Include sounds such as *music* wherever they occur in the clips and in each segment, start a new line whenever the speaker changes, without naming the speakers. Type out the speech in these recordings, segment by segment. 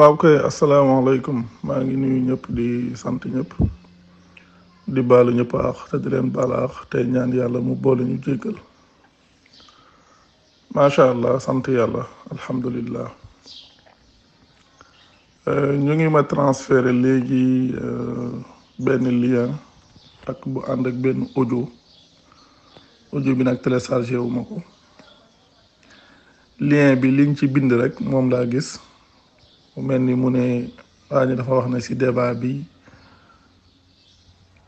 waaw kay asalaamaaleykum maa ngi nuyu ñëpp di sant ñëpp di baalu ñëpp aax te di leen baal aax ñaan yàlla mu boole ñu jéggal macha allah sant yàlla alhamdulillah euh, ñu ngi ma transfer léegi euh, benn lien ak bu ànd benn audio audio bi nag téléchargé wu ma ko lien bi liñ ci bind rek moom laa gis mu mel ni mu ne waa ñu dafa wax na ci débat bi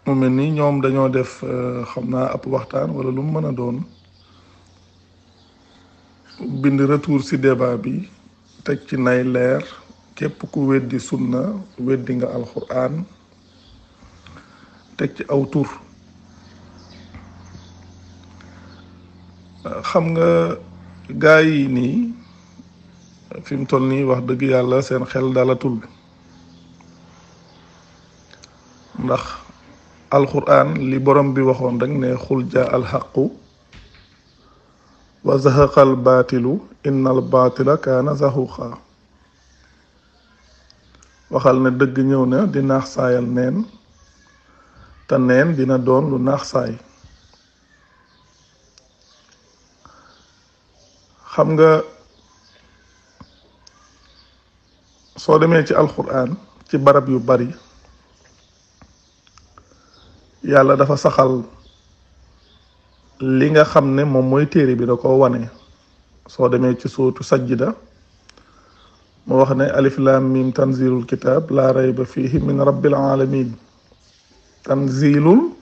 mu mel ni ñoom dañoo def euh, xam naa ab waxtaan wala lu mën a doon bind retour ci débat bi teg ci nay leer képp ku weddi sunna weddi nga alxuraan teg ci aw tur euh, xam nga gaa yi nii fim mu toll wax deug yàlla seen xel dalatul ndax alquran li borom bi waxon dag ne khul ja alhaq wa zahaqa albatil in albatil kana zahuqa waxal ne deug ñëw na di nax sayal neen ta neen dina doon lu nax say xam nga soo demee ci alxuraan ci barab yu bari yàlla dafa saxal li nga xam ne moom mooy téere bi da ko wane soo demee ci sootu sajjida mu wax ne alif lam mim tanzilul kitab la rayba fihi min rabbil alamin tanzilul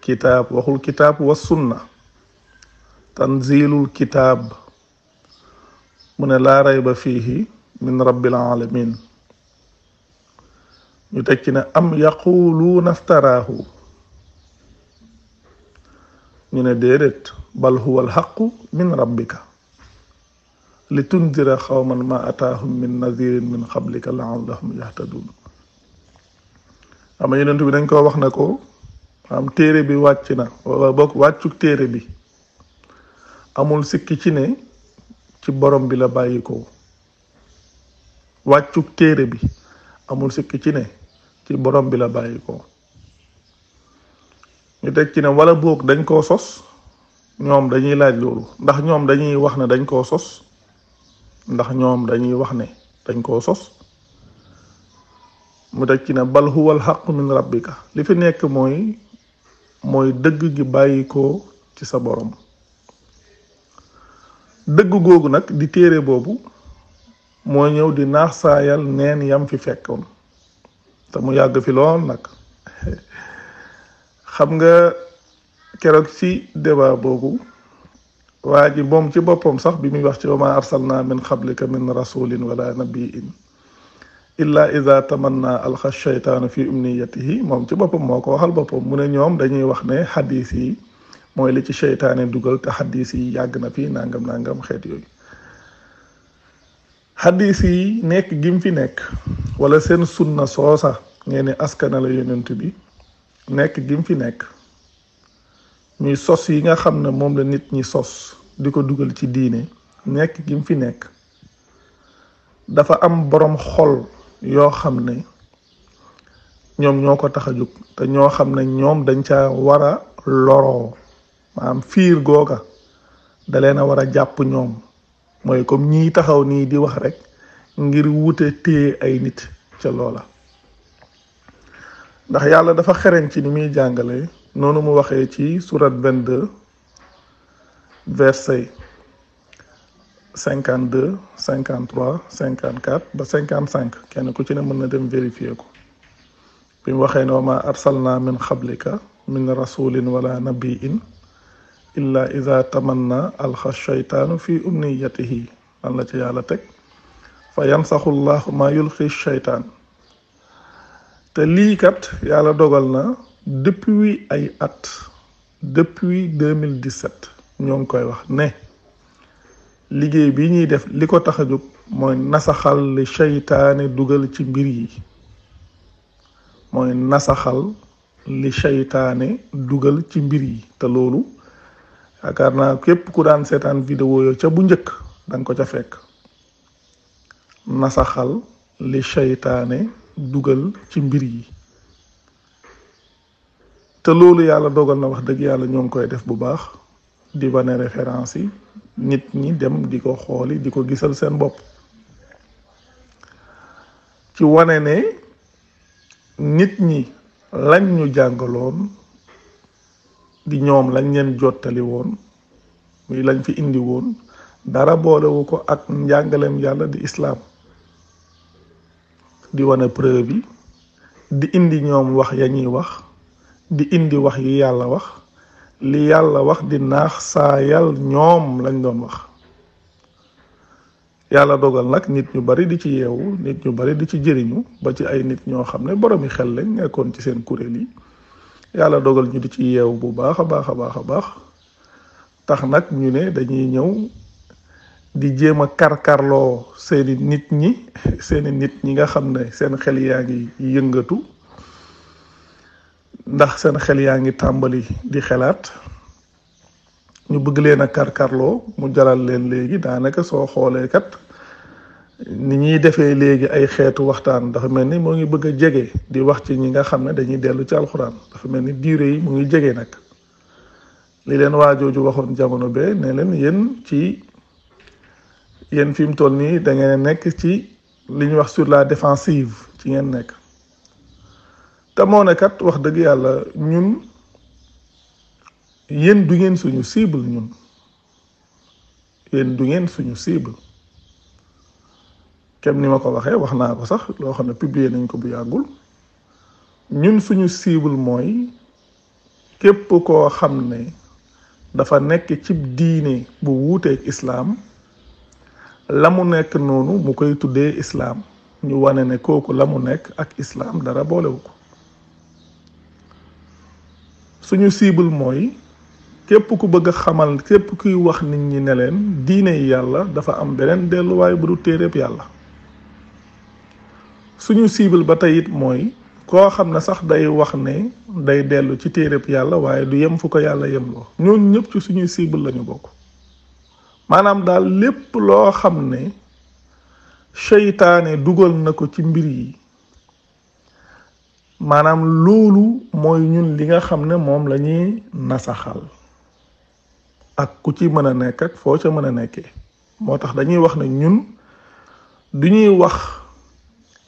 kitaab waxul kitab wa sunna tanzilul kitab mu ne laa rayba fihi من رب العالمين نتكنا أم يقولون افتراه من ديرت بل هو الحق من ربك لتنذر قوما ما أتاهم من نذير من قبلك لعلهم يهتدون أما ينتو بدنكو وخناكو am téré bi wàcc na wala boog wàccug téere bi amul sikki ci ne ci borom bi la bàyyi koo wàccug téere bi amul sikk ci ne ci borom bi la bàyyikoo ko ñu teg ci ne wala boog dañ koo sos ñoom dañuy laaj loolu ndax ñoom dañuy wax ne dañ koo sos ndax ñoom dañuy wax ne dañ koo sos mu teg ci ne bal huwa alxaqu min li fi nekk mooy mooy dëgg gi bàyyi ko ci sa borom dëgg googu nag di téere boobu moo ñëw di naax saayal neen yam fi fekkoon te mu yàgg fi lool nag xam nga keroog ci débat boobu waa ji moom ci boppam sax bi muy wax ci wama arsalna min qablika min rasulin wala nabiin illa iza tamanna alxa shaytaanu fi umniyatihi moom ci boppam moo ko waxal boppam mu ne ñoom dañuy wax ne xadis yi mooy li ci shaytaane dugal te xadis yi yàgg na fi nangam nangam xeet yooyu xadis yi nekk gim fi nekk wala seen sunna soosa ngeen ni askana la yonent bi nekk gim fi nekk muy sos yi nga xam ne moom la nit ñi sos di ko dugal ci diine nekk gim fi nekk dafa am boroom xol yoo xam ne ñoom ñoo ko tax a jóg te ñoo xam ne ñoom dañ ca war a loroo maanaam fiir googa da leen a war a jàpp ñoom mooy comme ñiy taxaw nii di wax rek ngir wute téye ay nit ca loola ndax yàlla dafa xereñ ci ni muy jàngale noonu mu waxee ci surat 22 verset 52 53 54 ba 55 kenn ku ci ne mën na dem vérifier ko bi mu waxee ne wa ma arsalna min xablika min rasulin wala nabiin illaa iza tamanna alxa shaytaanu fi umniyatihi lan la ci yàlla teg fa yansaxu llahu ma yulxi shaytaan te lii kat yàlla dogal na depuis ay at depuis 2017 ñoo ngi koy wax ne liggéey bi ñuy def li ko tax a jóg mooy nasaxal li shaytaane dugal ci mbir yi mooy nasaxal li shaytaane dugal ci mbir yi te loolu yaakaar naa képp ku daan seetaan vidéo yo ca bu njëkk da ko ca fekk nasaxal li seytaane dugal ci mbir yi te loolu yàlla dogal na wax dëgg yàlla ñoo ngi koy def bu baax di wane référence yi nit ñi dem di ko xooli di ko gisal seen bopp ci wane ne nit ñi lañ ñu jàngaloon di ñoom lañ leen jottali woon muy lañ fi indi woon dara wu ko ak njàngalem yàlla di Islam, di wane preuve bi di indi ñoom wax ya ñuy wax di indi wax yi yàlla wax li yàlla wax di naax saayal ñoom lañ doon wax yàlla dogal nag nit ñu bari di ci yeewu nit ñu bari di ci jëriñu ba ci ay nit ñoo xam ne boromi xel lañ nekkoon ci seen kuréel yi yàlla dogal ñu di ci yeew bu baax a baax a baax a baax tax nag ñu ne dañuy ñëw di jéem a karkarloo seeni nit ñi seeni nit ñi nga xam ne seen xel yaa ngi yëngatu ndax seen xel yaa ngi tàmbali di xelaat ñu bëgg leen a karkarloo mu jaral leen léegi daanaka soo xoolee kat ni ñuy defee léegi ay xeetu waxtaan dafa mel ni moo ngi bëgg a jege di wax ci ñi nga xam ne dañuy dellu ci alxuraan dafa mel ni diire yi mu ngi jege nag li leen waa jooju waxoon jamono bee ne leen yéen ci yéen fi mu toll nii da ngeen nekk ci li ñuy wax sur la défensive ci ngeen nekk te moo wax dëgg yàlla ñun yéen du ngeen suñu cible ñun yéen du ngeen suñu cible. kem ni ma ko waxee wax naa ko sax loo xam ne publier nañ ko bu yàggul ñun suñu cible mooy képp koo xam ne dafa nekk ci diine bu wuuteeg islaam la mu nekk noonu mu koy tuddee islaam ñu wane ne kooku la mu nekk ak islaam dara boolewu ko suñu cible mooy képp ku bëgg xamal képp kuy wax nit ñi ne leen diine yi yàlla dafa am beneen delluwaay bu du téeréeb yàlla suñu cible ba tey it mooy koo xam ne sax day wax ne day dellu ci téereb yàlla waaye du yem fu ko yàlla yem loo ñëpp ci suñuy cible lañu bokk maanaam daal lépp loo xam ne seytaane dugal na ko ci mbir yi maanaam loolu mooy ñun li nga xam ne moom la ñuy nasaxal ak ku ci mën a nekk ak foo ca mën a nekkee moo tax dañuy wax ne ñun du wax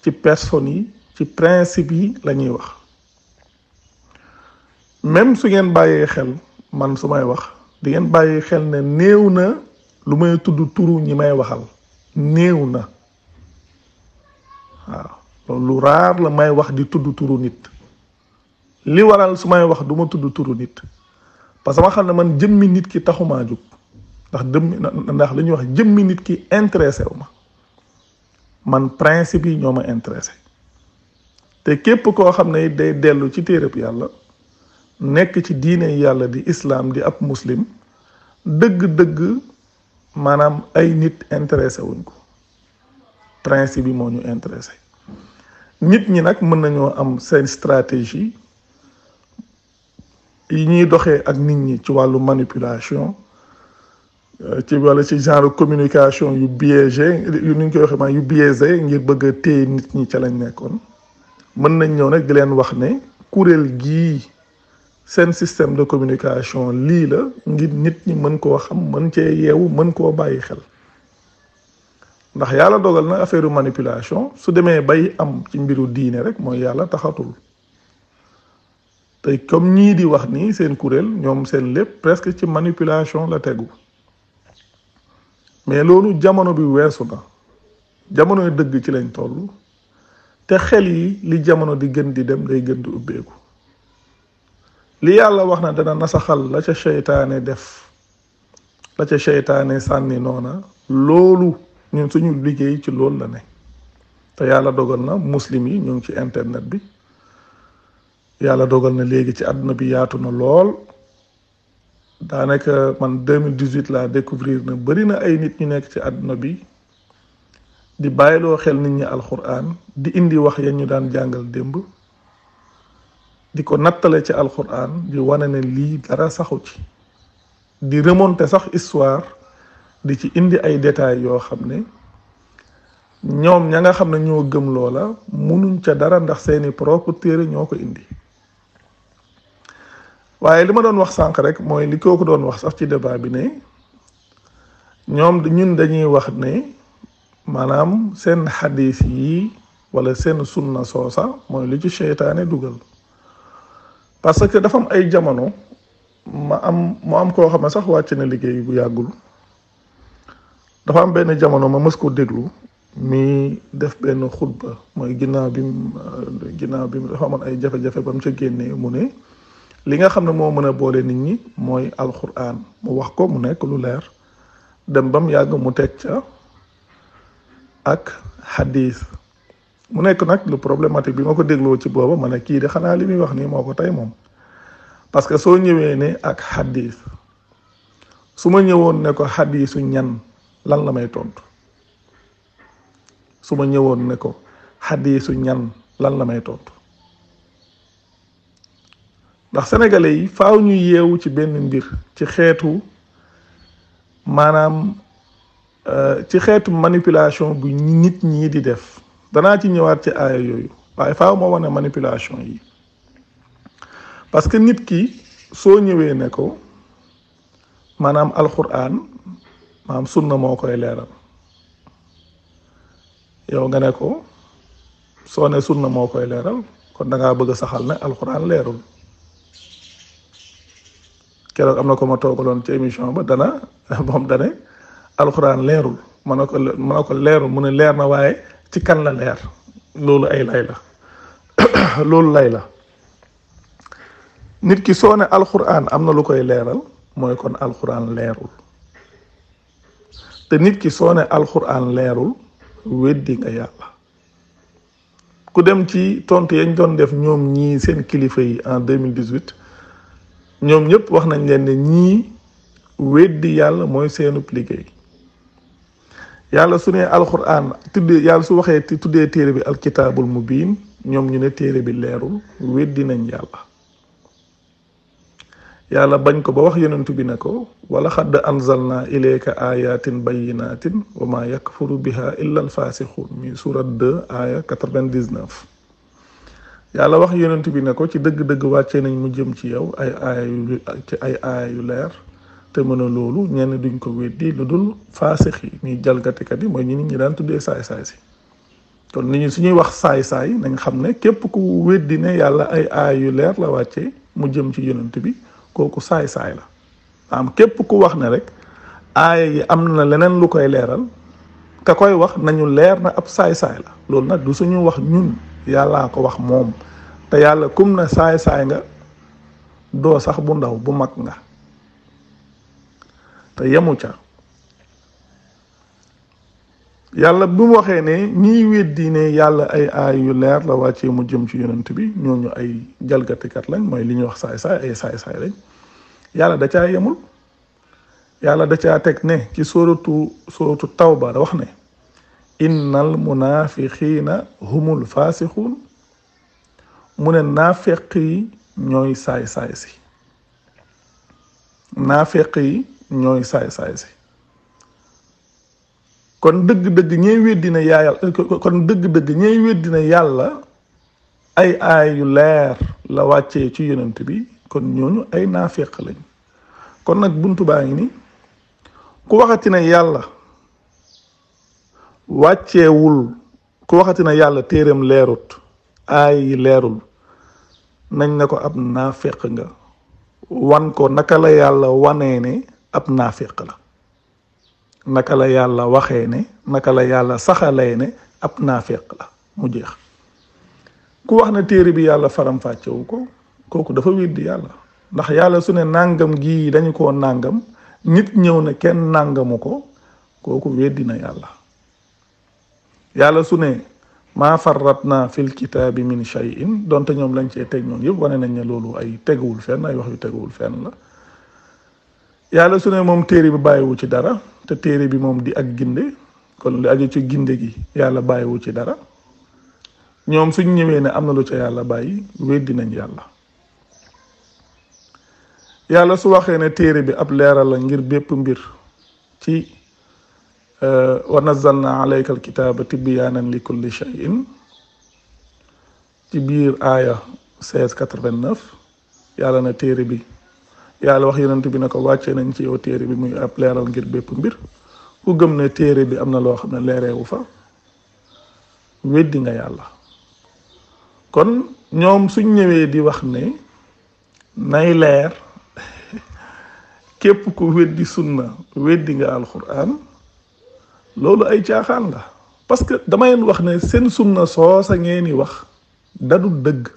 ci personne yi ci principe yi la wax même su ngeen bàyyee xel man su may wax di ngeen bàyyi xel ne néew na lu may tudd turu ñi may waxal néew na waaw lu raar la may wax di tudd turu nit li waral su may wax du ma turu nit parce que xam man jëmmi nit ki taxumaa ndax dëmm ndax li wax jëmmi nit ki intéressé wu ma man principe yi ñoo ma intéressé te képp koo xam ne day dellu ci téereb yàlla nekk ci diine yàlla di islam di ab muslim dëgg-dëgg maanaam ay nit intéressé wuñ ko principe yi moo ñu intéressé nit ñi nag mën nañoo am seen stratégie yi ñuy doxee ak nit ñi ci wàllu manipulation ci wala ci genre communication yu biaisé yu ni ñu koy waxee maanaam yu biaisé ngir bëgg a téye nit ñi ca lañ nekkoon mën nañ ñëw nag di leen wax ne kuréel gii seen système de communication lii la ngir nit ñi mën koo xam mën cee yeewu mën koo bàyyi xel ndax yàlla dogal na affaire manipulation su demee bay am ci mbiru diine rek mooy yàlla taxatul te comme ñii di wax nii seen kuréel ñoom seen lépp presque ci manipulation la tegu. mais loolu jamono bi weesu na jamonoy dëgg ci lañ toll te xel yi li jamono di gën di dem day gën di ubbeeku li yàlla wax na dana nasaxal la ca seytaane def la ca seytaane sànni noona loolu ñun suñu liggéey ci loolu la ne te yàlla dogal na muslim yi ñu ci internet bi yàlla dogal na léegi ci àdduna bi yaatu na lool daanaka man 2018 laa découvrir na bari na ay nit ñu nekk ci àdduna bi di bàyyiloo xel nit ñi alxuraan di indi wax ya ñu daan jàngal démb di ko nattale ci alxuraan di wane na lii dara saxu ci di remonter sax histoire di ci indi ay détails yoo xam ne ñoom ña nga xam ne ñoo gëm loola munuñ ca dara ndax seeni propre téere ñoo ko indi waaye li ma doon wax sànq rek mooy li ko doon wax sax ci débat bi ne ñoom ñun dañuy wax ne maanaam seen xadis yi wala seen sunna soosa mooy li ci seytaane dugal parce que dafa am ay jamono ma am mu am koo xam ne sax wàcc na liggéey bu yàggul dafa am benn jamono ma mës ko déglu mi def benn xutba mooy ginnaaw bi ginnaaw bi dafa amoon ay jafe-jafe ba mu ca génnee mu ne li nga xamne mo meuna boole nit ñi moy alquran mu wax ko mu nek lu leer dem bam yag mu tek ca ak hadith mu nek nak lu problematique bi mako deglo ci bobu mané ki kii de xanaa li wax ni moko tay mom parce que so ñewé ne ak hadith suma ñewon né ko hadithu ñan lan la may tontu suma ñewon né ko hadithu ñan lan la may tontu ndax sénégalais yi faaw ñu yeewu ci benn mbir ci xeetu maanaam ci xeetu manipulation bu nit ñi di def danaa ci ñëwaat ci aaya yooyu waaye faaw ma wane manipulation yi parce que nit ki soo ñëwee ne ko maanaam alquran maanaam sunna moo koy leeral yow nga ne ko soo ne sunna moo koy leeral kon da ngaa bëgg saxal ne alquran leerul keroog am na ko ma toogaloon ci émission ba dana moom dane alxuraan leerul ma ne ko ma ne ko leerul mu ne leer na waaye ci kan la leer loolu ay lay la loolu lay la nit ki soo ne alxuraan am na lu koy leeral mooy kon alxuraan leerul te nit ki soo ne alxuraan leerul weddi nga yàlla ku dem ci tontu yañ doon def ñoom ñii seen kilifa yi en 2018 ñom ñep wax nañ leen ni ñi wedd yàlla moy seenu pligay yàlla su ne alquran tuddé yàlla su waxee tuddé téré bi alkitabul mubin ñom ñu ne téré bi lérul wedd nañ yàlla yàlla bañ ko ba wax yonentou bi nako wala khad anzalna ilayka ayatin bayyinatin wama yakfuru biha illa alfasikhun min surat 2 aya 99 yàlla wax yonent bi ne ko ci dëgg-dëgg wàccee nañ mu jëm ci yow ay aayu ci ay aayu leer te mën a loolu ñenn duñ ko weddi lu dul faasix yi ñuy jalgatikat yi mooy ñu nit ñi daan tuddee saay-saay si kon nit ñi suñuy wax saay-saay nañ xam ne képp ku weddi ne yàlla ay yu leer la wàcce mu jëm ci yonent bi kooku saay-saay la am képp ku wax na rek aaye yi am na leneen lu koy leeral ka koy wax nañu leer na ab saay-saay la loolu nag du suñu wax ñun yàllaa ko wax moom te yàlla kum na saay-saay nga doo sax bu ndaw bu mag nga te yemu ca yàlla bu waxee ne ñiy weddi ne yàlla ay aay yu leer la wàccee mu jëm ci yonent bi ñooñu ay jalgatikat lañ mooy li ñuy wax saay-saay ay saay-saay lañ yàlla da caa yemul yàlla da caa teg ne ci sóoratu sóoratu tawba da wax ne innal munafixiina humul faasixuun mu ne naafeq yi ñooy saay saay si naafeq yi ñooy saay saay si kon dëgg-dëgg ñey weddi yàlla kon ay aay yu leer la wàccee ci yonent bi kon ñooñu ay naafeq lañ kon nag buntu baa ngi ni ku waxati yàlla wàcceewul ku waxati na yàlla téeram leerut aay yi leerul nañ ne ko ab naafeq nga wan ko naka la yàlla wanee ne ab naafeq la naka la yàlla waxee ne naka la yàlla saxalee ne ab naafeq la mu jeex ku wax na téere bi yàlla faram-fàccewu ko kooku dafa weddi yàlla ndax yàlla su ne nàngam gii dañu koo nàngam nit ñëw ne kenn nàngamu ko kooku weddi na yàlla yàlla su ne maa naa fil kitaabi min shay'in donte ñoom lañ cee teg noonu yëpp wane nañ ne loolu ay teguwul fenn ay wax yu teguwul fen la yàlla su ne moom téere bi bàyyiwu ci dara te téere bi moom di ak ginde kon lu aju ci ginde gi yàlla bàyyiwu ci dara ñoom suñ ñëwee ne am na lu ca yàlla bàyyi weddi nañ yàlla yàlla su waxee ne téere bi ab leeral la ngir bépp mbir ci آه، ونزلنا عليك الكتاب تبيانا لكل شيء تبير آية 1689 يالا نتيري بي يالا وحي ننتبي نكو واتشي ننشي وتيري بي مي أبلير الانجير بي بمبير وقم نتيري بي أمنا لو خمنا ليري وفا ويدينا يالا كون نيوم سنيوي ويدي وخني ناي لير *laughs* كيبكو ويدي سنة ويدينا القرآن القرآن loolu ay caaxaan la parce que dama leen wax ne seen sunna soosa ngeen di wax dadul dëgg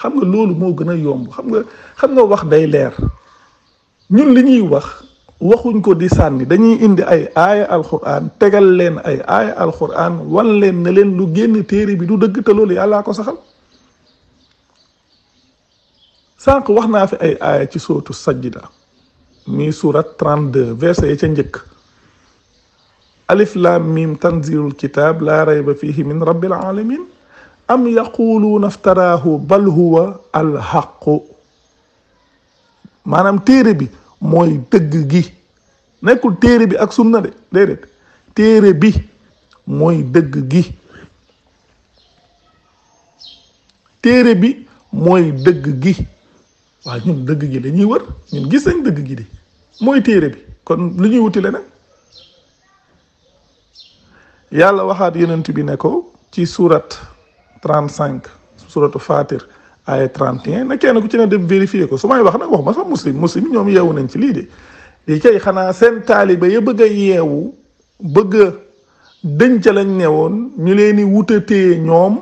xam nga loolu moo gën a yomb xam nga xam nga wax day leer ñun li ñuy wax waxuñ ko di sànni dañuy indi ay aaya alquran tegal leen ay aaya alquran wan leen ne leen lu génn téere bi du dëgg te loolu yàllaa ko saxal sànq wax naa fi ay aaya ci sootu sajjida mi surat 32 verset ya ca njëkk ألف لام ميم تنزيل الكتاب لا ريب فيه من رب العالمين أم يقولون افتراه بل هو الحق ما نم تيري بي موي دق جي نيكول تيري بي أك سنة ديريت تيري بي موي دق جي تيري بي موي دق جي waa ñun dëgg gi dañuy wër ñun gis nañ dëgg gi di mooy téere bi kon lu ñuy yàlla waxaat yonent bi ne ko ci suurat surat 35 suratu fatir ay 31 na kenn ku ci ne dem vérifier ko su may wax nag wax ma sax muslim muslim ñoom yeewu nañ ci lii de li kay xanaa seen taaliba ya bëgg a yeewu bëgg a dënc lañ newoon ñu leen di wutatee ñoom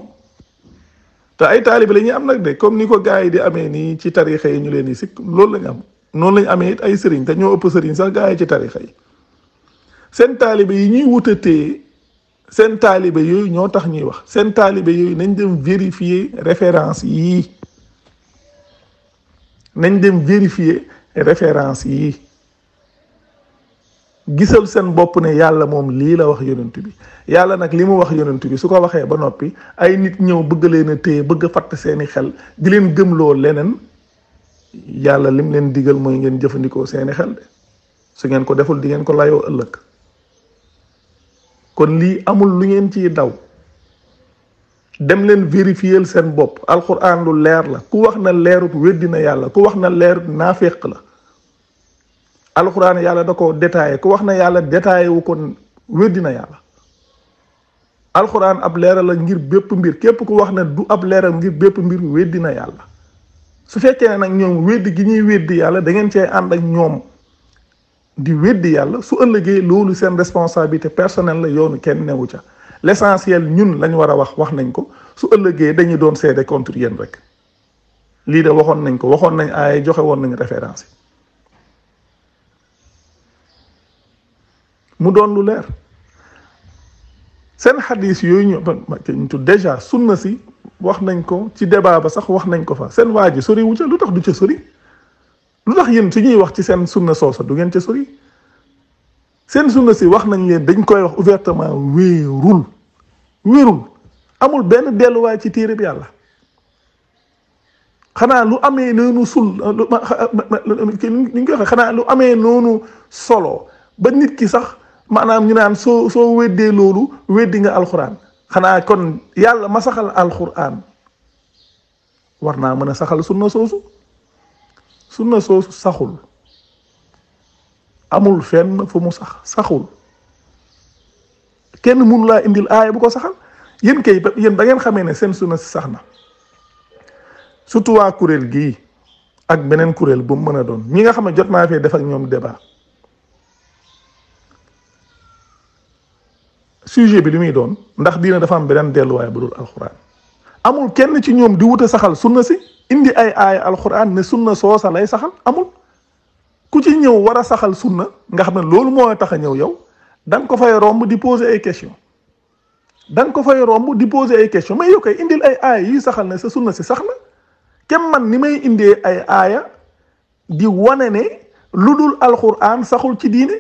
te ay taaliba la ñuy am nag de comme ni ko gars yi di amee nii ci tarixa yi ñu leen di sikk loolu lañ am noonu lañ amee it ay sëriñ te ñoo ëpp sëriñ sax gars ci tarixa yi seen taaliba yi ñuy seen taalibe yooyu ñoo tax ñuy wax seen taalibe yooyu nañ dem vérifier référence yii nañ dem vérifier référence yii gisal seen bopp ne yàlla moom lii la wax yonent bi yàlla nag li mu wax yonent bi su ko waxee ba noppi ay nit ñëw bëgg leen a téye bëgg a fatt seeni xel di leen gëmloo leneen yàlla lim leen digal mooy ngeen jëfandikoo seeni xel de su ngeen ko deful di ngeen ko layoo ëllëg kon lii amul lu ngeen ciy daw dem leen vérifier seen bopp alxuraan lu leer la ku wax na leerut weddi na yàlla ku wax na leerut naaféq la alxuraan yàlla da ko détaillé ku wax na yàlla détaillé wu ko weddi na yàlla alxuraan ab leeral la ngir bépp mbir képp ku wax ne du ab leeral ngir bépp mbir weddi na yàlla su fekkee na nag ñoom weddi gi ñuy weddi yàlla da ngeen cee ànd ak ñoom di weddi yàlla su ëllëgee loolu seen responsabilité personnel la yoonu kenn newu ca l' essentiel ñun lañu war a wax wax nañ ko su ëllëgee dañuy doon seede contre yéen rek lii de waxoon nañ ko waxoon nañ ay joxe woon nañ référence yi mu doon lu leer seen xadis yooyu ñu ñu tudd déjà sunna si wax nañ ko ci débat ba sax wax nañ ko fa seen waa ji sori wu ca lu tax du ca sori. lu tax yéen su ñuy wax ci seen sunna soosa du ngeen ca sori seen sunna si wax nañ leen dañ koy wax ouvertement wéerul wéerul amul benn delluwaay ci téere yàlla xanaa lu amee noonu sul li xanaa lu amee noonu solo ba nit ki sax maanaam ñu naan soo soo weddee loolu weddi nga alxuraan xanaa kon yàlla ma saxal alxuraan war naa mën a saxal sunna soosu sunna soosu saxul amul fenn fu mu sax saxul kenn mun laa indil aaya bu ko saxal yéen kay yéen ba ngeen xamee ne seen sunna si sax na surtout waa kuréel gii ak beneen kuréel bu mu mën a doon ñi nga xam ne jot naa fee def ak ñoom débat sujet bi li muy doon ndax diina dafa am beneen delluwaay bu dul alxuraan amul kenn ci ñoom di wuté saxal sunna ci indi ay ay alquran ne sunna soosa lay saxal amul ku ci ñëw wara saxal sunna nga xamne loolu moo taxa ñëw yow dang ko fay romb di poser ay question dang ko fay romb di poser ay question mais yow kay indil ay ay yi saxal ne sa sunna ci saxna kem man ni may indee ay aya di wone ne ludul alquran saxul ci diine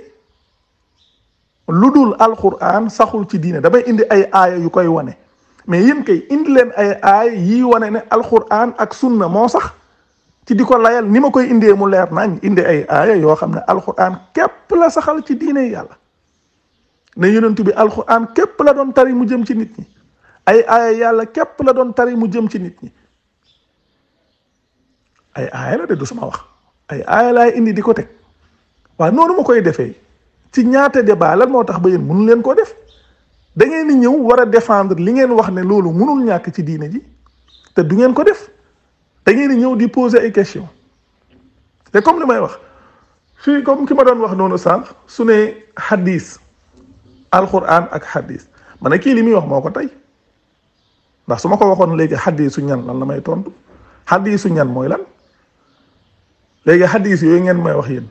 ludul alquran saxul ci diine da bay indi ay aya yu koy wone mais yéen kay indi leen ay aay yii wane ne alquran ak sunna moo sax ci di ko layal ni ma koy indee mu leer nañ indi ay aaya yoo xam ne alquran képp la saxal ci diine yàlla ne yonent bi alquran képp la doon tari mu jëm ci nit ñi ay aaya yàlla képp la doon tari mu jëm ci nit ñi la de du sama wax ay aaya laay indi di ko teg waaye noonu ma koy defee ci ñaata débat lan moo tax ba yéen mënu leen koo def da ngeen di ñëw war a défendre li ngeen wax ne loolu mënul ñàkk ci diine ji te du ngeen ko def dangeen di ñëw di poser ay questions te comme li may wax fii comme ki ma doon wax noonu sànq su ne hadis alquran ak hadis ma ne kii li muy wax moo ko tey ndax su ma ko waxoon léegi hadisu ñan lan na may tontu hadisu ñan mooy lan léegi hadis yooyu ngeen may wax yéen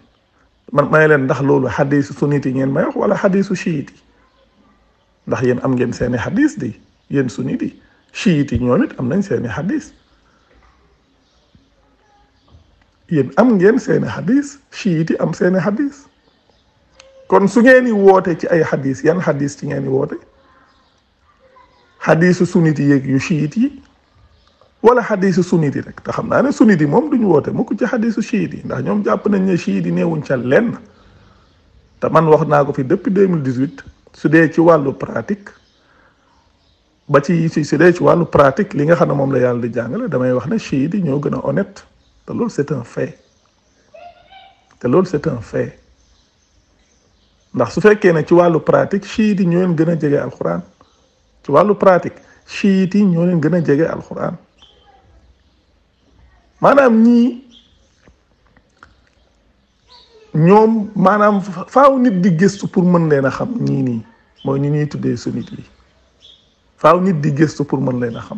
man may leen ndax loolu hadisu yi ngeen may wax wala hadisu yi ndax yéen am ngeen seeni xadis di yéen sunni di chiite yi ñoom am nañ seeni xadis yéen am ngeen seeni xadis chiite yi am seeni xadis kon su ngeen di woote ci ay xadiis yan xadis ci ngeen di woote xadisu sunnit yi yeeg yu chiite yi wala xadisu sunnit yi rek te xam naa ne sunnit yi moom duñu woote mukk ci xadisu chiite yi ndax ñoom jàpp nañ ne chiite yi neewuñ ca lenn te man wax naa ko fi depuis deux mille dix-huit su dee ci wàllu pratique ba ci si su dee ci wàllu pratique li nga xam ne moom la yàlla di jàngale damay wax ne chiites yi ñoo gën a honnête te lool c'est un fait te loolu c'est un fait ndax su fekkee ne ci wàllu pratique chiites yi ñoo leen gën a jege alxuraan ci wàllu pratique chiites yi ñoo leen gën a jege alxuraan maanaam ñii. ñoom maanaam faaw nit di gëstu pour mën leen a xam ñii nii mooy ni ñuy tuddee sunnite yi faaw nit di gëstu pour mën leen a xam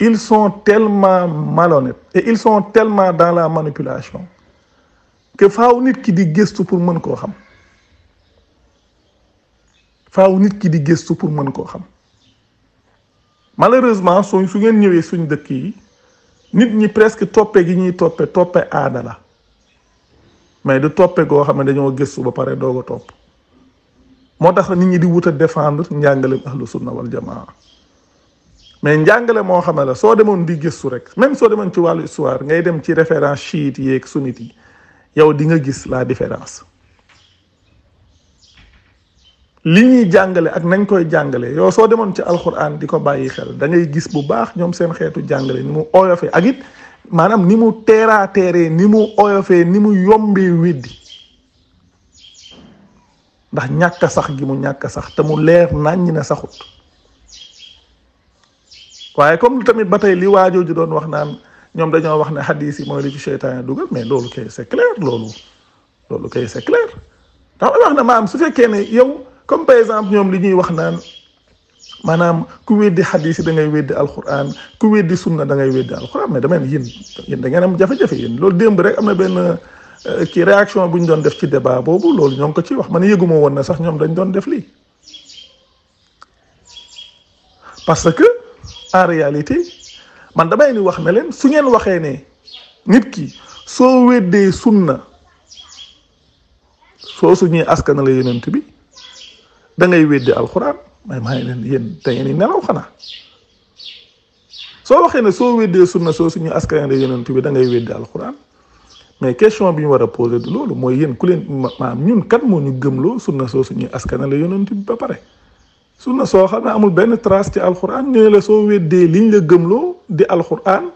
ils sont tellement malhonnêtes et ils sont tellement dans la manipulation que faaw nit ki di gëstu pour mën koo xam faaw nit ki di gëstu pour mën koo xam malheureusement suñ su ngeen ñëwee suñ dëkk yi nit ñi presque toppe gi ñuy toppe toppe aada la mais du toppe goo xam ne dañoo gëstu ba pare doog a topp moo tax nit ñi di wut a défendre njàngaleem ahlu na wal jamaa mais njàngale moo xam ne la soo demoon di gëstu rek même soo demoon ci wàllu histoire ngay dem ci référence chiite yeeg sunnite yi yow di nga gis laa différence li ñuy jàngale ak nañ koy jàngale yow soo demoon ci alquran di ko bàyyi xel da ngay gis bu baax ñoom seen xeetu jàngale ni mu oyofe ak it maanaam ni mu teeraa teeree ni mu oyofee ni mu yombee weddi ndax ñàkk sax gi mu ñàkk sax te mu leer nañ na saxut waaye comme tamit ba tey li waajoo ju doon wax naan ñoom dañoo wax ne hadis yi mooy li ci cheytaan dugal mais loolu kay c'est clair loolu loolu kay c'est clair ndax wax na maam su fekkee yow comme par exemple ñoom li ñuy wax naan maanaam ku weddi xadis yi da ngay weddi alquran ku weddi sunna da ngay weddi alquran mais dama ne yéen yéen da ngeen am jafe-jafe yéen loolu démb rek am na benn ci euh, réaction bu ñu doon def ci débat boobu loolu ñoo ngi ko ciy wax man yëguma woon na sax ñoom dañ doon def lii parce que en réalité man damay ni wax na leen su ngeen waxee ne nit ki soo weddee sunna soo suñuy askan la yonent bi da ngay weddi alxuraan may maa ngi leen yéen da ngeen di nelaw xanaa soo waxee ne soo weddee sunna soo suñu askan la yonent bi da ngay weddi alxuraan mais question bi ñu war a posé loolu mooy yéen ku leen maanaam ñun kat moo ñu gëmloo sunna soo suñu askan la yonent bi ba pare. sunna soo xam ne amul benn trace ci alxuraan ñu ne la soo weddee liñ la gëmloo di alxuraan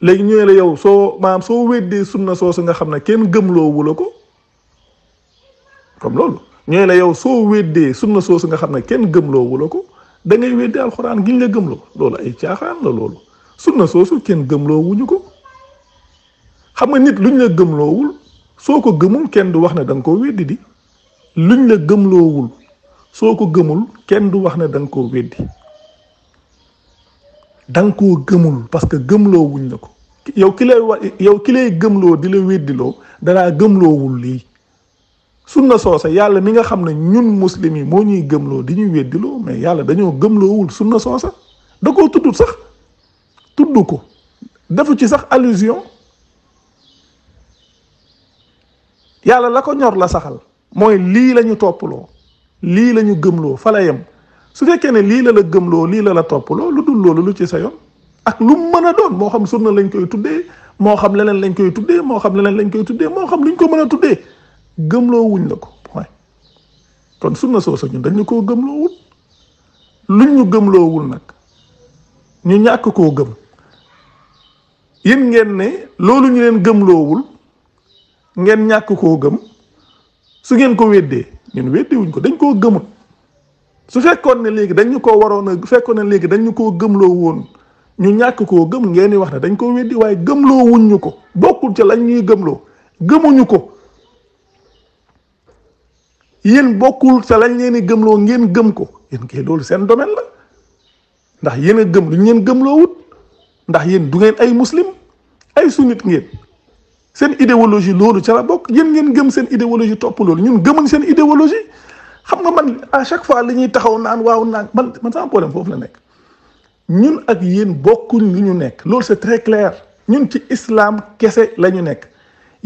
léegi ñu ne la yow soo maanaam soo weddee sunna soosu nga xam ne kenn gëmloo wu ko. comme loolu ñooy la yow soo weddee sunna soosu nga xam ne kenn gëmloowu la ko da ngay weddee alxuraan giñ la gëmloo loolu ay caaxaan la loolu sunna soosu kenn gëmloowuñu ko xam nga nit luñ la gëmloowul soo ko gëmul kenn du wax ne da koo weddi di luñ la gëmloowul soo ko gëmul kenn du wax ne da koo weddi da nga koo gëmul parce que gëmloowuñ la ko yow ki lay wa yow ki lay gëmloo di la weddiloo dalaa gëmloowul lii sunna soose yàlla mi nga xam ne ñun muslim yi moo ñuy gëmloo di ñuy weddiloo mais yàlla dañoo gëmloowul sunna soose da koo tuddut sax tudd ko defu ci sax allusion yàlla la ko ñor la saxal mooy lii lañu ñu toppaloo lii la ñu gëmloo fa la yem su fekkee ne lii la la gëmloo lii la la toppaloo lu dul loolu lu ci sa yoon ak lu mu mën a doon moo xam sunna lañ koy tuddee moo xam leneen lañ koy tuddee moo xam leneen lañ koy tuddee moo xam luñ ko mën a tuddee gëmloo wuñ la ko point kon sunna soosu ñun dañu koo gëmloo wut luñ ñu gëmloo wul nag ñu ñàkk koo gëm yéen ngeen ne loolu ñu leen gëmloo wul ngeen ñàkk koo gëm su ngeen ko weddee ñun weddee wuñ ko dañ koo gëmut su fekkoon ne léegi dañ ñu koo waroon a fekkoon ne léegi dañ ñu koo gëmloo woon ñu ñàkk koo gëm ngeen di wax ne dañ koo weddi waaye gëmloo wuñ ñu ko bokkul ca lañ ñuy gëmloo gëmuñu ko. yéen bokkul sa lañ leen di gëmloo ngeen gëm ko yéen kay loolu seen domaine la ndax yéen a gëm lu ñu leen gëmloo wut ndax yéen du ngeen ay muslim ay sunnit ngeen seen idéologie loolu ca la bokk yéen ngeen gëm seen idéologie topp ñun gëmuñ seen idéologie xam nga man à chaque fois li ñuy taxaw naan waaw naan man man sama problème foofu la nekk ñun ak yéen bokkuñ li ñu nekk loolu c'est très claire ñun ci islam kese la ñu nekk.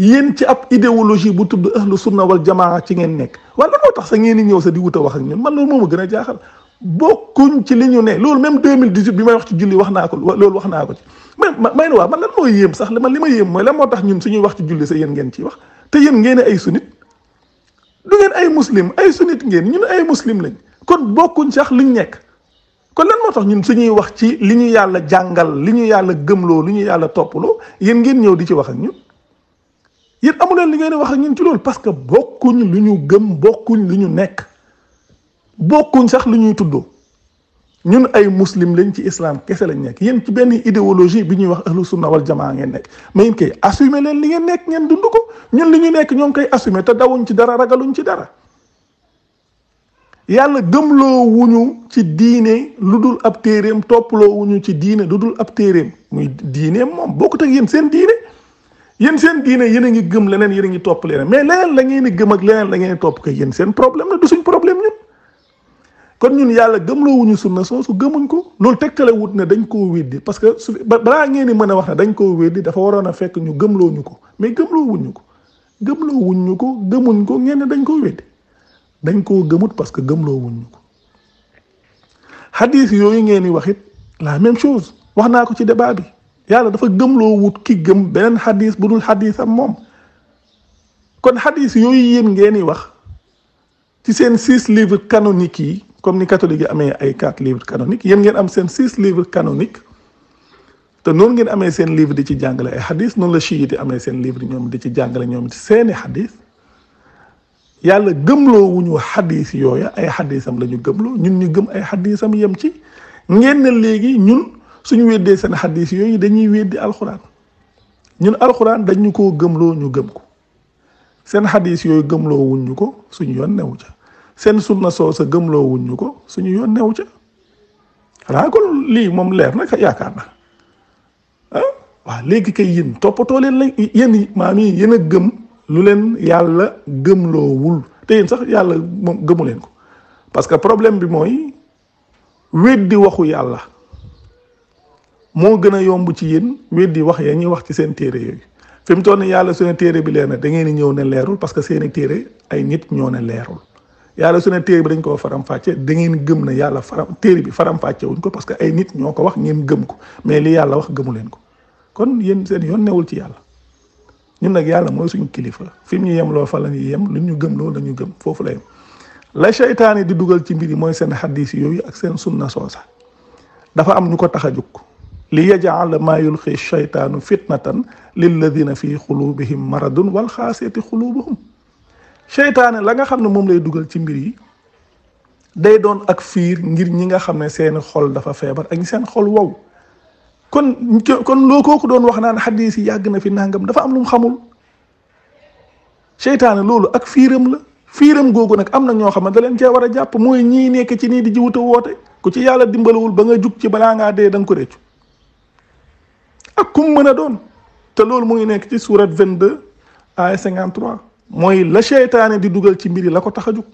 yéen ci ab idéologie bu tudd ahlu sunna wal jamaa ci ngeen nekk waaye lan moo tax sa ngeen di ñëw sa di a wax ak ñun man loolu moo gën a jaaxal bokkuñ ci li ñu ne loolu même 2018 bi may wax ci julli wax naa ko loolu wax naa ko ci ma may na waa man lan mooy yéem sax man li ma yéem mooy lan moo tax ñun suñuy wax ci julli sa yéen ngeen ciy wax te yéen ngeen ay sunit du ngeen ay muslim ay sunit ngeen ñun ay muslim lañ kon bokkuñ sax liñ nekk kon lan moo tax ñun suñuy wax ci li ñu yàlla jàngal li ñu yàlla gëmloo li ñu yàlla toppaloo yéen ngeen ñëw di ci wax ak ñun xamu leen li ngeen wax ak ñun ci loolu parce que bokkuñ lu ñu gëm bokkuñ lu ñu nekk bokkuñ sax lu ñuy tuddoo ñun ay muslim lañ ci islaam kese lañ nekk yéen ci benn idéologie bi ñuy wax ahlu sunna wal jamaa ngeen nekk mais yéen assumé leen li ngeen nekk ngeen dund ko ñun li ñu nekk ñoo ngi koy assumer te dawuñ ci dara ragaluñ ci dara yàlla gëmloo wuñu ci diine lu dul ab téeréem topploo wuñu ci diine lu dul ab téeréem muy diine moom bokkut ak yéen seen diine yéen seen diine yéen a ngi gëm leneen yéen a ngi topp leneen mais leneen la ngeen di gëm ak leneen la ngeen topp ko yéen seen problème la du suñ problème ñun kon ñun yàlla gëmloo wuñu na soosu gëmuñ ko loolu tegtale wut na dañ koo weddi parce que su balaa ngeen di mën a wax ne dañ koo weddi dafa waroon a fekk ñu gëmloo ñu ko mais gëmloo wuñu ko gëmloo wuñu ko gëmuñ ko ngeen ne dañ koo dañ koo gëmut parce que gëmloo wuñu ko hadith yooyu ngeen di wax it la même chose wax naa ko ci débat bi. yàlla dafa gëmloo wut ki gëm beneen xadis bu dul xadisam moom kon xadis yooyu yéen ngeen di wax ci seen six livres canoniques yi comme ni catholique yi amee ay quatre livres canoniques yéen ngeen am seen six livres canoniques te noonu ngeen amee seen livre di ci jàngale ay xadis noonu la chiite amee seen livre ñoom di ci jàngale ñoom ci seeni xadis yàlla gëmloo wu ñu xadis yooya ay xadisam la ñu gëmloo ñun ñu gëm ay xadisam yem ci ngeen ne suñu weddee seen xadis yooyu dañuy weddi alxuraan ñun alxuraan dañu koo gëmloo ñu gëm ko seen xadis yooyu gëmloo wuñ ñu ko suñu yoon newu ca seen sunna soosa gëmloo wuñ ñu ko suñu yoon newu ca xanaa lii moom leer na yaakaar na ah waaw léegi kay yéen toppatoo leen la yéen maam yi yéen a gëm lu leen yàlla gëmloowul te yéen sax yàlla moom gëmu leen ko parce que problème bi mooy weddi waxu yàlla. moo gën a yomb ci yéen weddi wax ya ñuy wax ci seen téere yooyu fi mu toll nii yàlla su ne téere bi leen na da ngeen di ñëw ne leerul parce que seeni téere ay nit ñoo ne leerul yàlla su ne téere bi dañ koo faram-fàcce da ngeen gëm na yàlla faram téere bi faram-fàcce wuñ ko parce que ay nit ñoo ko wax ngeen gëm ko mais li yàlla wax gëmu leen ko kon yéen seen yoon newul ci yàlla ñun nag yàlla mooy suñu kilifa fi ñu yem loo fa la ñuy yem lu ñu gëm loo la gëm foofu la yem la seytaane di dugal ci mbir yi mooy seen xaddiis yooyu ak seen sunna soosa dafa am ñu ko tax a jóg ليجعل ما يلقي الشيطان فتنة للذين في قلوبهم مرض والخاسية قلوبهم شيطان لغا خامن موم لاي دوغال سي مبيري داي دون اك فير غير نيغا خامن سين خول دا فا فيبر اك سين خول واو كون كون لو كوكو دون واخ نان حديث ياغنا في نانغام دا فا ام لوم خامول شيطان لولو اك فيرم لا فيرم غوغو نك امنا ньо خامن دا لين جي ورا جاب موي ني نيك سي ني دي جي ووتو ووتو كو سي يالا ديمبالول با نغا جوك سي بلا نغا دي دنگ كو ريتو ak kum mën a doon te loolu mu ngi nekk ci surat 22 ay 53 mooy la seytaane di dugal ci mbir yi la ko tax a jug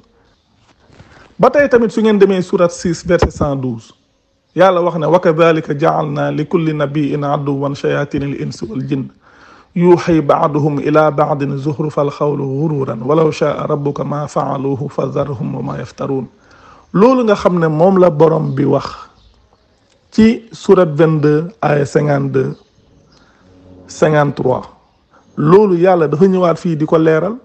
ba tey tamit su ngeen demee surat 6 verset 112 yàlla wax ne wa kadalika jaalna li kulli nabiin aduwan shayatin al insi wal jinn yuuxi baaduhum ila baadin zuxrufa al xawlu gururan walaw shaa rabbuka ma faaluuhu fa zarhum wa ma yaftaruun loolu nga xam ne moom la borom bi wax ci surat 22 ay 52 53 loolu yàlla dafa ñëwaat fii di ko leeral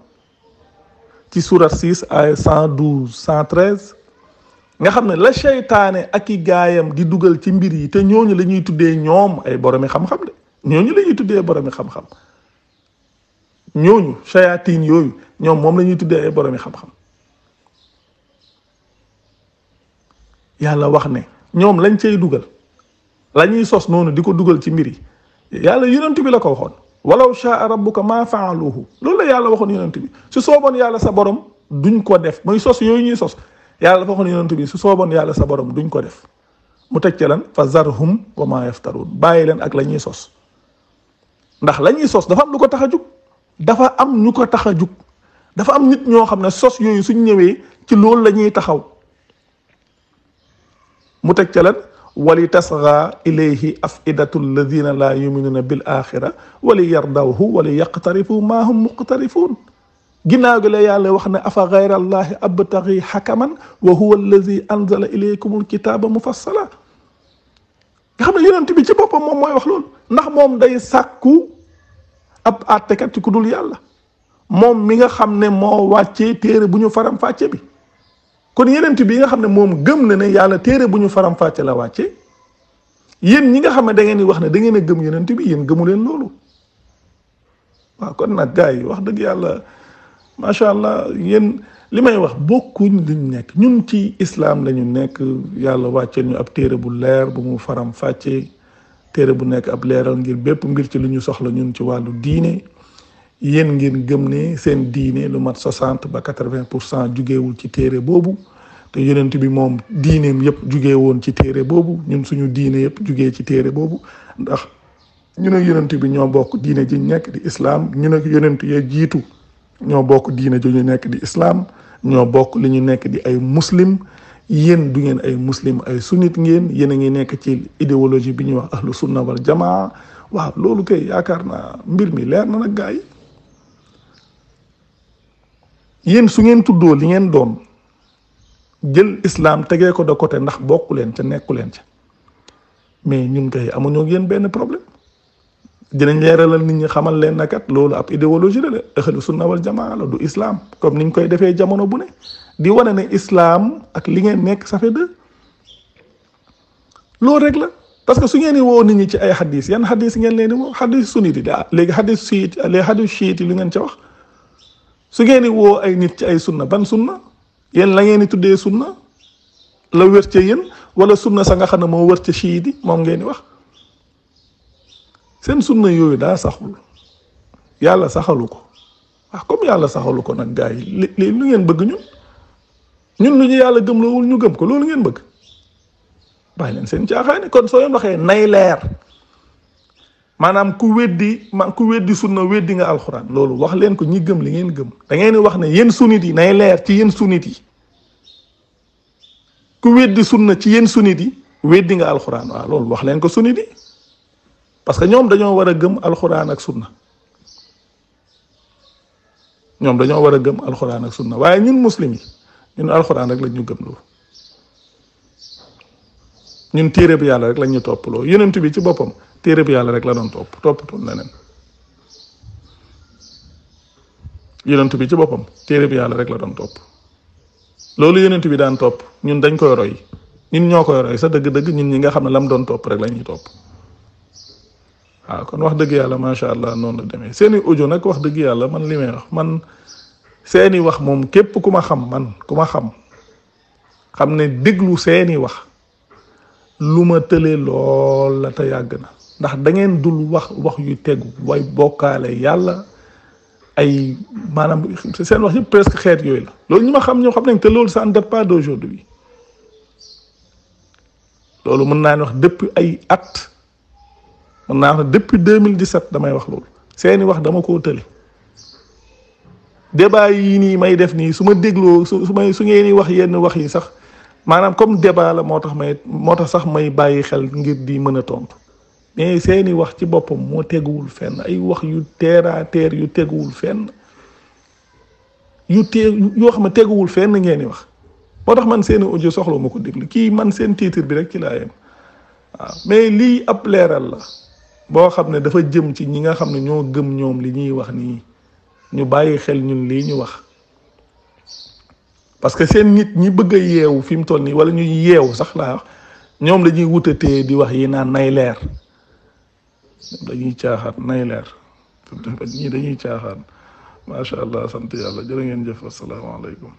ci surat 6 ay 112 113 nga xam ne la seytaane ak i gaayam di dugal ci mbir yi te ñooñu lañuy tuddee ñoom ay boromi xam-xam de ñooñu la ñuy tuddee boromi xam ñooñu shayatin yooyu ñoom moom la ñuy tuddee ay boromi xam-xam yàlla wax ne ñoom lañ cay dugal la ñuy sos noonu di ko dugal ci mbir yi yàlla yonentibi la ko waxon walaw shaa rabbuka ma faaluhu loolu la yàlla waxon yonentibi su sobon yàlla sa borom duñ ko def moy sos yoy ñuy sos yàlla dafa waxoon su sobon yàlla sa borom duñ ko def mu teg lan fa zarhum wa ma yaftarun baye leen ak la sos ndax la sos dafa am lu ko dafa am ñu ko dafa am nit ño xamne sos yoy suñ ñewé ci loolu la taxaw mu teg lan ولتصغى إليه أفئدة الذين لا يؤمنون بالآخرة وليرضوه وليقترفوا ما هم مقترفون جناغ لا يالا وخنا أفا غير الله أبتغي حكما وهو الذي أنزل إليكم الكتاب مفصلا خامل يونت بي سي بوبام موم موي واخ لول ناخ موم داي ساكو اب اتكات كودول يالا موم ميغا خامني مو واتي تيري بونو فارام فاتي بي kon yenent bi nga xam ne moom gëm na ne yàlla téere bu ñu faram fàccee la wàcce yéen ñi nga xam ne da ngeen di wax na da ngeen a gëm yenent bi yéen gëmu leen loolu waaw kon nag gars yi wax dëgg yàlla macha allah yéen li may wax bokkuñ liñ nekk ñun ci islaam lañu nekk yàlla wàcce ñu ab téere bu leer bu mu faram-fàcce téere bu nekk ab leeral ngir bépp mbir ci lu ñu soxla ñun ci wàllu diine yéen ngeen gëm ne seen diine lu mat 60 ba 80 pour cent jugeewul ci téere boobu te yonent bi moom diineem yëpp jugee woon ci téere boobu ñun suñu diine yëpp jugee ci téere boobu ndax ñu ak yonent bi ñoo bokk diine ji nekk di islam ñun ak yonent ya jiitu ñoo bokk diine ji ñu nekk di islam ñoo bokk li ñu nekk di ay muslim yéen du ngeen ay muslim ay sunnit ngeen yéen a ngi nekk ci idéologie bi ñuy wax ahlu sunna wal jamaa waaw loolu kay yaakaar naa mbir mi leer na nag gaa yi yéen su ngeen tuddoo li ngeen doon jël islam tegee ko de côté ndax bokku leen ca nekku leen ca mais ñun kay amuñoo yéen benn problème dinañ leeralal nit ñi xamal leen na kat loolu ab idéologie la de ahlu sunna wal jamaa la du islaam comme niñ koy defee jamono bu ne di wane ne islaam ak li ngeen nekk ça fait loolu rek la parce que su ngeen di woo nit ñi ci ay xadis yan xadis ngeen leen di woo xadis sunniti ah, léegi xadis siiti léegi xadis siiti lu ngeen ca wax. su ngeen di woo ay nit ci ay sunna ban sunna yéen la ngeen di tuddee sunna la wér ca yéen wala sunna sa nga xam ne moo wër ci chiit yi moom ngeen di wax seen sunna yooyu daa saxul yàlla saxalu ko wax ah, comme yàlla saxalu ko nag gaa yi li lu ngeen bëgg ñun ñun lu ñu yàlla gëm loowul ñu gëm ko loolu ngeen bëgg bàyyi leen seen caaxaani kon soo leen waxee nay leer maanaam ku weddi ma ku weddi sunna weddi nga alxuraan loolu wax leen ko ñi gëm li ngeen gëm da ngeen di wax ne yéen sunnit yi nay leer ci yéen sunnit yi ku weddi sunna ci yéen sunnit yi weddi nga alxuraan waaw loolu wax leen ko sunnit yi parce que ñoom dañoo war a gëm alxuraan ak sunna ñoom dañoo war a gëm alxuraan ak sunna waaye ñun muslim yi ñun alxuraan rek lañ ñu gëm loo ñun téere bi yàlla rek lañ ñu topp loo yonent bi ci boppam. téere bi yàlla rek la top topp nenen. leneen yonent bi ci boppam téere bi yalla rek la don top lolou yonent bi daan top. ñun dañ koy roy ñun ñoko roy sa deug deug ñun ñi nga xamne top. lam don top rek lañ ñi top waaw ah, kon wax yalla ma sha allah non la demee seeni audio nak wax deug yalla man limay wax man seeni wax mom képp kuma ma xam man kuma ma xam xamne deglu seeni wax luma ma lol la te ndax da ngeen dul wax wax yu tegu way bokkaale yàlla ay maanaam seen wax yëpp presque xeet yooyu la loolu ñu ma xam ñoo xam nañ te loolu ça ne date pas loolu mën naa ne wax dëpp ay at mën naa wax depuis 2017 damay wax loolu seeni wax dama koo tële débat yi nii may def nii su ma dégloo su su may su ngeen wax yenn wax yi sax maanaam comme débat la moo tax may moo tax sax may bàyyi xel ngir di mën a tontu. mais seeni wax ci boppam moo teguwul fenn ay wax yu teera teer yu teguwul fenn yu te yoo xam ne teguwul fenn ngeen di wax moo tax man seeni ojo soxla ma ko déglu kii man seen titre bi rek ci laa yem waaw mais lii ab leeral la boo xam ne dafa jëm ci ñi nga xam ne ñoo gëm ñoom li ñuy wax nii ñu bàyyi xel ñun lii ñu wax parce que seen nit ñi bëgg a yeewu fi mu toll nii wala ñuy yeewu sax laa wax ñoom dañuy wutatee di wax yi naan nay leer dañuy caaxaan nay leer ñii dañuy caaxaan macha allah sant yàlla jërë ngeen jëf asalaamaaleykum